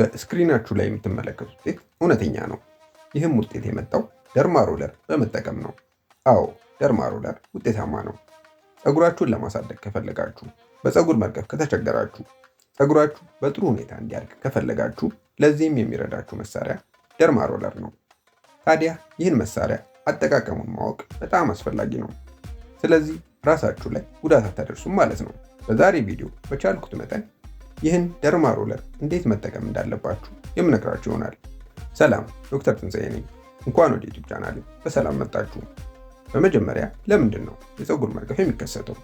በስክሪናችሁ ላይ የምትመለከቱት ውጤት እውነተኛ ነው። ይህም ውጤት የመጣው ደርማ ሮለር በመጠቀም ነው። አዎ ደርማ ሮለር ውጤታማ ነው። ፀጉራችሁን ለማሳደግ ከፈለጋችሁ፣ በፀጉር መርገፍ ከተቸገራችሁ፣ ፀጉራችሁ በጥሩ ሁኔታ እንዲያድግ ከፈለጋችሁ ለዚህም የሚረዳችሁ መሳሪያ ደርማ ሮለር ነው። ታዲያ ይህን መሳሪያ አጠቃቀሙን ማወቅ በጣም አስፈላጊ ነው። ስለዚህ ራሳችሁ ላይ ጉዳት አታደርሱም ማለት ነው። በዛሬ ቪዲዮ በቻልኩት መጠን ይህን ደርማ ሮለር እንዴት መጠቀም እንዳለባችሁ የምነግራችሁ ይሆናል። ሰላም ዶክተር ትንሳኤ ነኝ። እንኳን ወደ ዩቱብ ቻናል በሰላም መጣችሁ። በመጀመሪያ ለምንድን ነው የፀጉር መርገፍ የሚከሰተው?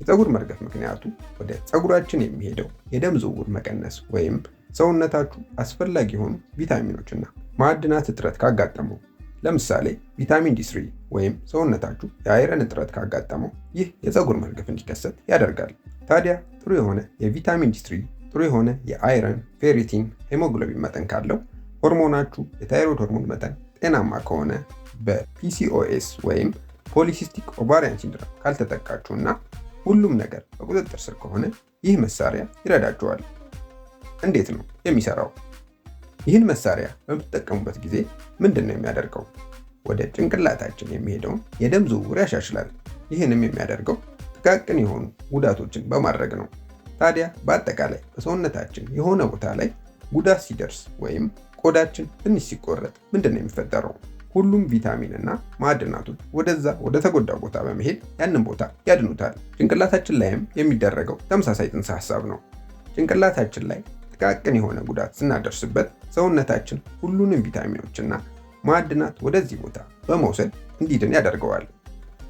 የፀጉር መርገፍ ምክንያቱ ወደ ፀጉራችን የሚሄደው የደም ዝውውር መቀነስ ወይም ሰውነታችሁ አስፈላጊ የሆኑ ቪታሚኖችና ማዕድናት እጥረት ካጋጠመው ለምሳሌ ቪታሚን ዲ3 ወይም ሰውነታችሁ የአይረን እጥረት ካጋጠመው ይህ የፀጉር መርገፍ እንዲከሰት ያደርጋል። ታዲያ ጥሩ የሆነ የቪታሚን ዲ3 ጥሩ የሆነ የአይረን፣ ፌሪቲን፣ ሄሞግሎቢን መጠን ካለው ሆርሞናችሁ የታይሮይድ ሆርሞን መጠን ጤናማ ከሆነ በፒሲኦኤስ ወይም ፖሊሲስቲክ ኦቫሪያን ሲንድረም ካልተጠቃችሁ እና ሁሉም ነገር በቁጥጥር ስር ከሆነ ይህ መሳሪያ ይረዳችኋል። እንዴት ነው የሚሰራው? ይህን መሳሪያ በምትጠቀሙበት ጊዜ ምንድን ነው የሚያደርገው? ወደ ጭንቅላታችን የሚሄደውን የደም ዝውውር ያሻሽላል። ይህንም የሚያደርገው ጥቃቅን የሆኑ ጉዳቶችን በማድረግ ነው። ታዲያ በአጠቃላይ በሰውነታችን የሆነ ቦታ ላይ ጉዳት ሲደርስ ወይም ቆዳችን ትንሽ ሲቆረጥ ምንድን ነው የሚፈጠረው? ሁሉም ቪታሚን እና ማዕድናቶች ወደዛ ወደ ተጎዳው ቦታ በመሄድ ያንን ቦታ ያድኑታል። ጭንቅላታችን ላይም የሚደረገው ተመሳሳይ ጥንሰ ሀሳብ ነው። ጭንቅላታችን ላይ ጥቃቅን የሆነ ጉዳት ስናደርስበት ሰውነታችን ሁሉንም ቪታሚኖችና ማዕድናት ወደዚህ ቦታ በመውሰድ እንዲድን ያደርገዋል።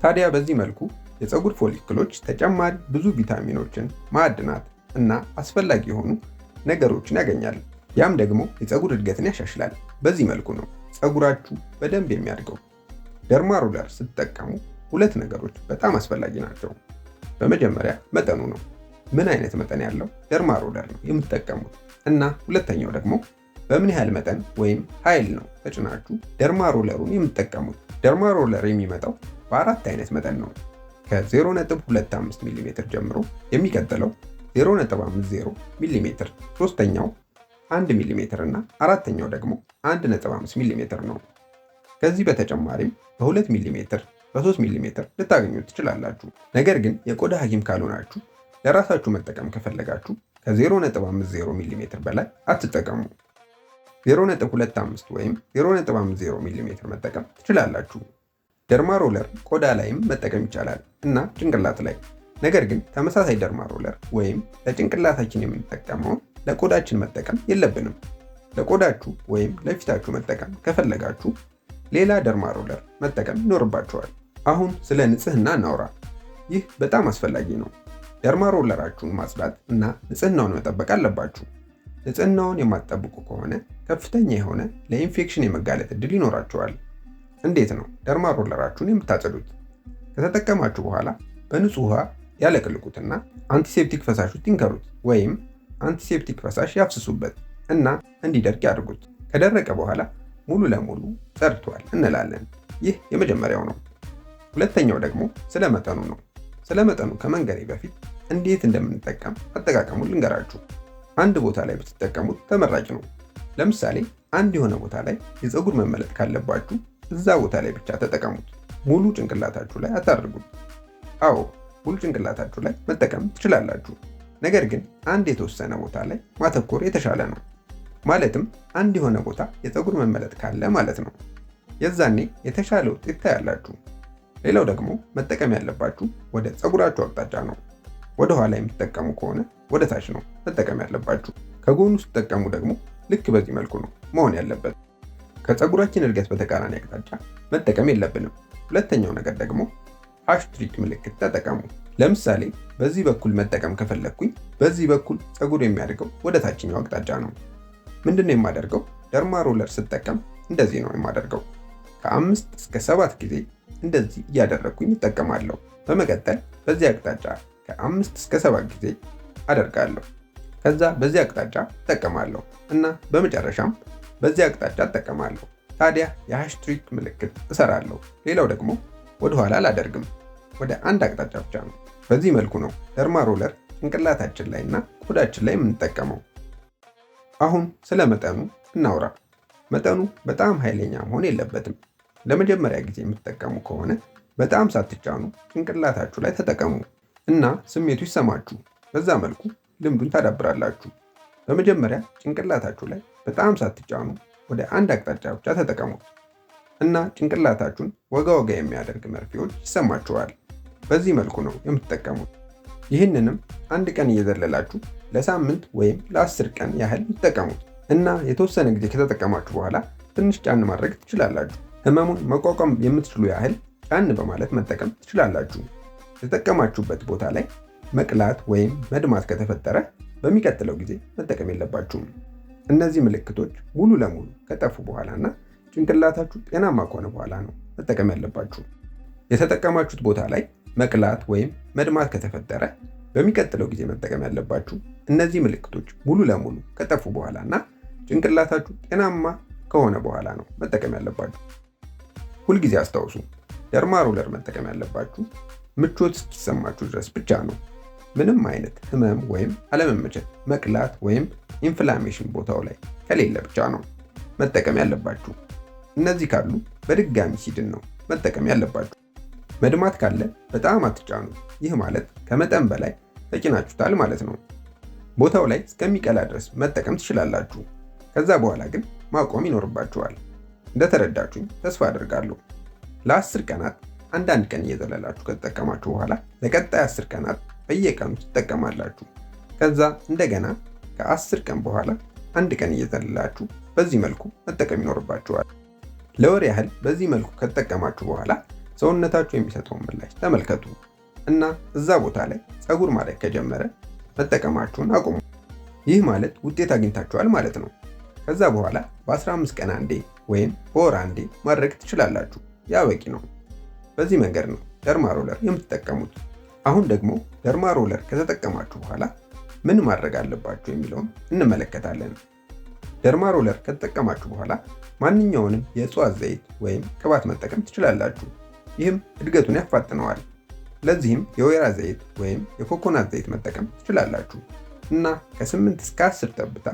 ታዲያ በዚህ መልኩ የፀጉር ፎሊክሎች ተጨማሪ ብዙ ቪታሚኖችን፣ ማዕድናት እና አስፈላጊ የሆኑ ነገሮችን ያገኛል። ያም ደግሞ የፀጉር እድገትን ያሻሽላል። በዚህ መልኩ ነው ፀጉራችሁ በደንብ የሚያድገው። ደርማ ሩለር ስትጠቀሙ ሁለት ነገሮች በጣም አስፈላጊ ናቸው። በመጀመሪያ መጠኑ ነው። ምን አይነት መጠን ያለው ደርማ ሮለር ነው የምትጠቀሙት እና ሁለተኛው ደግሞ በምን ያህል መጠን ወይም ኃይል ነው ተጭናችሁ ደርማ ሮለሩን የምትጠቀሙት። ደርማ ሮለር የሚመጣው በአራት አይነት መጠን ነው። ከ0.25 ሚሜ ጀምሮ የሚቀጥለው 0.50 ሚሜ፣ ሶስተኛው 1 ሚሜ እና አራተኛው ደግሞ 1.5 ሚሜ ነው። ከዚህ በተጨማሪም በ2 ሚሜ በ3 ሚሜ ልታገኙ ትችላላችሁ። ነገር ግን የቆዳ ሐኪም ካልሆናችሁ ለራሳችሁ መጠቀም ከፈለጋችሁ ከ0.50 ሚሜ በላይ አትጠቀሙ። 0.25 ወይም 0.50 ሚሜ መጠቀም ትችላላችሁ። ደርማ ሮለር ቆዳ ላይም መጠቀም ይቻላል እና ጭንቅላት ላይ። ነገር ግን ተመሳሳይ ደርማ ሮለር ወይም ለጭንቅላታችን የምንጠቀመውን ለቆዳችን መጠቀም የለብንም። ለቆዳችሁ ወይም ለፊታችሁ መጠቀም ከፈለጋችሁ ሌላ ደርማ ሮለር መጠቀም ይኖርባችኋል። አሁን ስለ ንጽህና እናውራ። ይህ በጣም አስፈላጊ ነው። ዶርማ ሮለራችሁን ማጽዳት እና ንጽህናውን መጠበቅ አለባችሁ። ንጽህናውን የማትጠብቁ ከሆነ ከፍተኛ የሆነ ለኢንፌክሽን የመጋለጥ እድል ይኖራችኋል። እንዴት ነው ደርማ ሮለራችሁን የምታጸዱት? ከተጠቀማችሁ በኋላ በንጹህ ውሃ ያለቅልቁትና አንቲሴፕቲክ ፈሳሹ ውስጥ ይንከሩት ወይም አንቲሴፕቲክ ፈሳሽ ያፍስሱበት እና እንዲደርቅ ያድርጉት። ከደረቀ በኋላ ሙሉ ለሙሉ ጸድቷል እንላለን። ይህ የመጀመሪያው ነው። ሁለተኛው ደግሞ ስለ መጠኑ ነው። ስለ መጠኑ ከመንገሬ በፊት እንዴት እንደምንጠቀም አጠቃቀሙን ልንገራችሁ። አንድ ቦታ ላይ ብትጠቀሙት ተመራጭ ነው። ለምሳሌ አንድ የሆነ ቦታ ላይ የፀጉር መመለጥ ካለባችሁ እዛ ቦታ ላይ ብቻ ተጠቀሙት። ሙሉ ጭንቅላታችሁ ላይ አታድርጉት። አዎ ሙሉ ጭንቅላታችሁ ላይ መጠቀም ትችላላችሁ። ነገር ግን አንድ የተወሰነ ቦታ ላይ ማተኮር የተሻለ ነው። ማለትም አንድ የሆነ ቦታ የፀጉር መመለጥ ካለ ማለት ነው። የዛኔ የተሻለ ውጤት ታያላችሁ። ሌላው ደግሞ መጠቀም ያለባችሁ ወደ ፀጉራችሁ አቅጣጫ ነው። ወደ ኋላ የምትጠቀሙ ከሆነ ወደ ታች ነው መጠቀም ያለባችሁ። ከጎኑ ስትጠቀሙ ደግሞ ልክ በዚህ መልኩ ነው መሆን ያለበት። ከፀጉራችን እድገት በተቃራኒ አቅጣጫ መጠቀም የለብንም። ሁለተኛው ነገር ደግሞ ሃሽ ትሪክ ምልክት ተጠቀሙ። ለምሳሌ በዚህ በኩል መጠቀም ከፈለግኩኝ በዚህ በኩል ፀጉር የሚያድገው ወደ ታችኛው አቅጣጫ ነው። ምንድነው የማደርገው? ደርማ ሮለር ስጠቀም እንደዚህ ነው የማደርገው። ከአምስት እስከ ሰባት ጊዜ እንደዚህ እያደረግኩኝ ይጠቀማለሁ። በመቀጠል በዚህ አቅጣጫ ከአምስት እስከ ሰባት ጊዜ አደርጋለሁ። ከዛ በዚህ አቅጣጫ እጠቀማለሁ እና በመጨረሻም በዚህ አቅጣጫ እጠቀማለሁ። ታዲያ የሃሽትሪክ ምልክት እሰራለሁ። ሌላው ደግሞ ወደኋላ አላደርግም፣ ወደ አንድ አቅጣጫ ብቻ ነው። በዚህ መልኩ ነው ደርማ ሮለር ጭንቅላታችን ላይ እና ቆዳችን ላይ የምንጠቀመው። አሁን ስለ መጠኑ እናውራ። መጠኑ በጣም ኃይለኛ መሆን የለበትም። ለመጀመሪያ ጊዜ የምትጠቀሙ ከሆነ በጣም ሳትጫኑ ጭንቅላታችሁ ላይ ተጠቀሙ እና ስሜቱ ይሰማችሁ። በዛ መልኩ ልምዱን ታዳብራላችሁ። በመጀመሪያ ጭንቅላታችሁ ላይ በጣም ሳትጫኑ ወደ አንድ አቅጣጫ ብቻ ተጠቀሙት እና ጭንቅላታችሁን ወጋ ወጋ የሚያደርግ መርፌዎች ይሰማችኋል። በዚህ መልኩ ነው የምትጠቀሙት። ይህንንም አንድ ቀን እየዘለላችሁ ለሳምንት ወይም ለአስር ቀን ያህል ይጠቀሙት እና የተወሰነ ጊዜ ከተጠቀማችሁ በኋላ ትንሽ ጫን ማድረግ ትችላላችሁ። ህመሙን መቋቋም የምትችሉ ያህል ጫን በማለት መጠቀም ትችላላችሁ። የተጠቀማችሁበት ቦታ ላይ መቅላት ወይም መድማት ከተፈጠረ በሚቀጥለው ጊዜ መጠቀም የለባችሁም። እነዚህ ምልክቶች ሙሉ ለሙሉ ከጠፉ በኋላ ጭንቅላታችሁ ጤናማ ከሆነ በኋላ ነው መጠቀም ያለባችሁ። የተጠቀማችሁት ቦታ ላይ መቅላት ወይም መድማት ከተፈጠረ በሚቀጥለው ጊዜ መጠቀም ያለባችሁ እነዚህ ምልክቶች ሙሉ ለሙሉ ከጠፉ በኋላ ጭንቅላታችሁ ጤናማ ከሆነ በኋላ ነው መጠቀም ያለባችሁ። ሁልጊዜ አስታውሱ ደርማ ሮለር መጠቀም ያለባችሁ ምቾት እስኪሰማችሁ ድረስ ብቻ ነው። ምንም አይነት ህመም ወይም አለመመቸት፣ መቅላት ወይም ኢንፍላሜሽን ቦታው ላይ ከሌለ ብቻ ነው መጠቀም ያለባችሁ። እነዚህ ካሉ በድጋሚ ሲድን ነው መጠቀም ያለባችሁ። መድማት ካለ በጣም አትጫኑ። ይህ ማለት ከመጠን በላይ ተጭናችሁታል ማለት ነው። ቦታው ላይ እስከሚቀላ ድረስ መጠቀም ትችላላችሁ። ከዛ በኋላ ግን ማቆም ይኖርባችኋል። እንደተረዳችሁኝ ተስፋ አደርጋለሁ። ለአስር ቀናት አንዳንድ ቀን እየዘለላችሁ ከተጠቀማችሁ በኋላ ለቀጣይ አስር ቀናት በየቀኑ ትጠቀማላችሁ። ከዛ እንደገና ከአስር ቀን በኋላ አንድ ቀን እየዘለላችሁ በዚህ መልኩ መጠቀም ይኖርባችኋል። ለወር ያህል በዚህ መልኩ ከተጠቀማችሁ በኋላ ሰውነታችሁ የሚሰጠውን ምላሽ ተመልከቱ እና እዛ ቦታ ላይ ፀጉር ማለት ከጀመረ መጠቀማችሁን አቁሙ። ይህ ማለት ውጤት አግኝታችኋል ማለት ነው። ከዛ በኋላ በ15 ቀን አንዴ ወይም በወር አንዴ ማድረግ ትችላላችሁ። ያ በቂ ነው። በዚህ መንገድ ነው ደርማ ሮለር የምትጠቀሙት። አሁን ደግሞ ደርማ ሮለር ከተጠቀማችሁ በኋላ ምን ማድረግ አለባችሁ የሚለውን እንመለከታለን። ደርማ ሮለር ከተጠቀማችሁ በኋላ ማንኛውንም የእጽዋት ዘይት ወይም ቅባት መጠቀም ትችላላችሁ። ይህም እድገቱን ያፋጥነዋል። ለዚህም የወይራ ዘይት ወይም የኮኮናት ዘይት መጠቀም ትችላላችሁ እና ከ8 እስከ 10 ጠብታ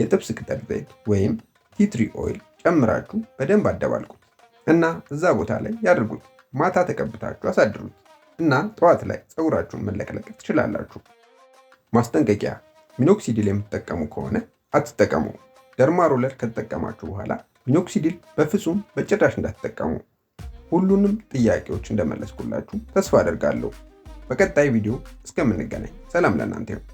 የጥብስ ቅጠል ዘይት ወይም ቲትሪ ኦይል ጨምራችሁ በደንብ አደባልቁት እና እዛ ቦታ ላይ ያድርጉት። ማታ ተቀብታችሁ አሳድሩት እና ጠዋት ላይ ፀጉራችሁን መለቅለቅ ትችላላችሁ። ማስጠንቀቂያ፣ ሚኖክሲዲል የምትጠቀሙ ከሆነ አትጠቀሙ። ደርማ ሮለር ከተጠቀማችሁ በኋላ ሚኖክሲዲል በፍጹም በጭራሽ እንዳትጠቀሙ። ሁሉንም ጥያቄዎች እንደመለስኩላችሁ ተስፋ አደርጋለሁ። በቀጣይ ቪዲዮ እስከምንገናኝ ሰላም ለእናንተ ይሁን።